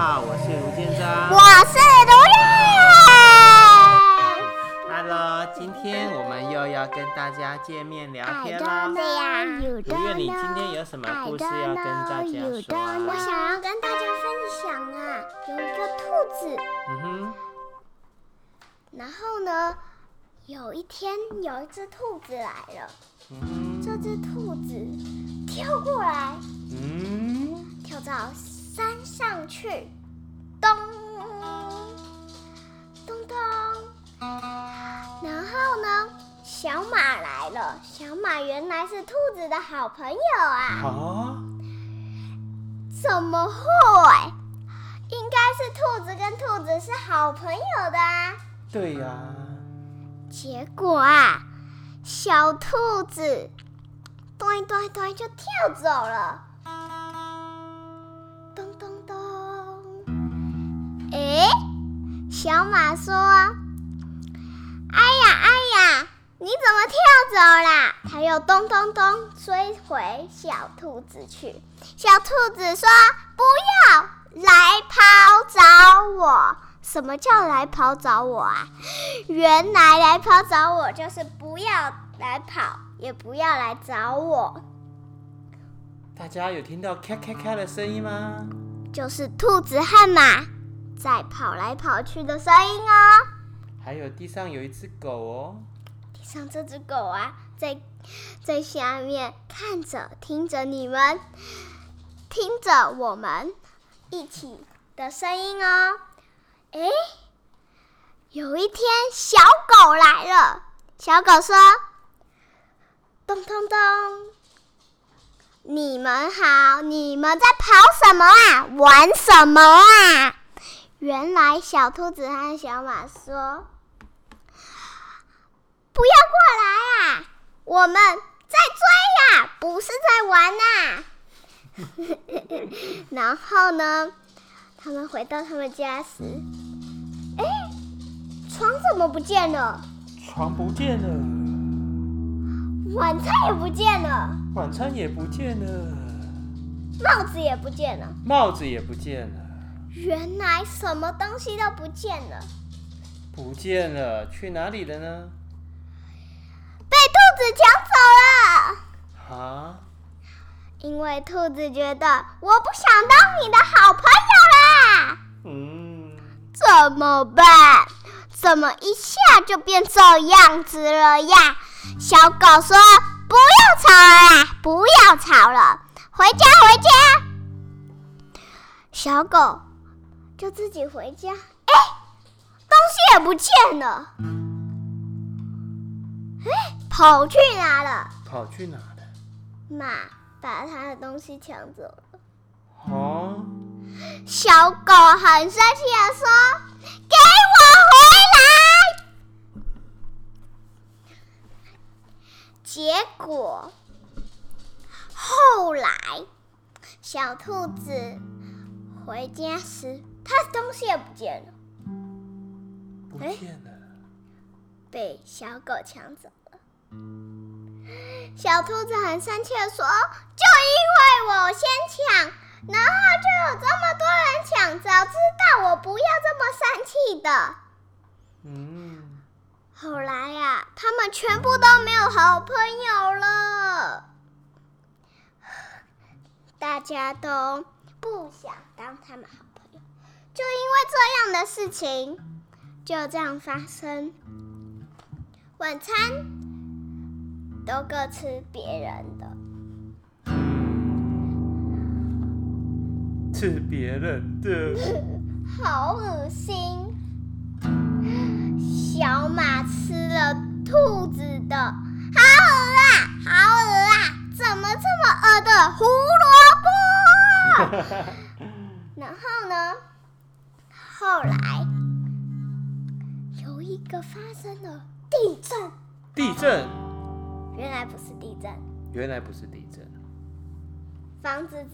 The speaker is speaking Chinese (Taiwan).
好，我是盧建章，我是盧月。Hello，今天我們又要跟大家見面聊天了。有呀，盧月，你今天有什麼故事要跟大家說？know, 我想要跟大家分享啊，有一個兔子。嗯哼。然後呢，有一天有一只兔子來了。嗯哼。這只兔子跳過來。嗯。跳到。上去，咚咚咚，然後呢？小馬來了，小馬原來是兔子的好朋友啊！啊？怎麼會？應該是兔子跟兔子是好朋友的啊。對呀、啊嗯。結果啊，小兔子咚咚咚就跳走了。小馬說：“哎呀哎呀，你怎麼跳走啦？”他又咚咚咚追回小兔子去。小兔子說：“不要來跑找我。”什麼叫來跑找我啊？原來來跑找我就是不要來跑，也不要來找我。大家有聽到咔咔咔的聲音嗎？就是兔子和馬。在跑來跑去的聲音哦，還有地上有一隻狗哦。地上這只狗啊，在在下面看着、聽着你們，聽着我們一起的聲音哦。欸，有一天小狗來了，小狗說：“咚咚咚，你們好，你們在跑什麼啊？玩什麼啊？”原來小兔子和小馬說：“不要過來啊，我們在追呀，不是在玩吶。 ”然後呢，他們回到他們家時，哎，床怎麼不見了？床不見了。晚餐也不見了。晚餐也不見了。帽子也不見了。帽子也不見了。原來什麼東西都不見了，不見了，去哪裡了呢？被兔子搶走了。啊！因為兔子覺得我不想當你的好朋友啦。嗯。怎麼辦？怎麼一下就變這樣子了呀？小狗說：“不要吵了，不要吵了，回家，回家。”小狗。就自己回家，哎，東西也不見了，哎，跑去哪了？跑去哪了？馬把他的東西搶走了。啊、huh?！小狗很生氣地說：“給我回來！”結果後來小兔子回家時。他的東西也不見了，不見了，誒，被小狗搶走了。小兔子很生氣的說：“就因為我先搶，然後就有這麼多人搶，早知道我不要這麼生氣的。”嗯，後來呀、啊，他們全部都沒有好朋友了，大家都不想當他們好朋友。就因為這樣的事情，就這樣發生。晚餐都各吃別人的，吃別人的， 好噁心！小馬吃了兔子的，好噁啊！好噁啊！怎麼這麼噁的胡蘿蔔？胡蘿蔔，然後呢？後來有一個發生了地震，地震好好，原來不是地震，原來不是地震，房子。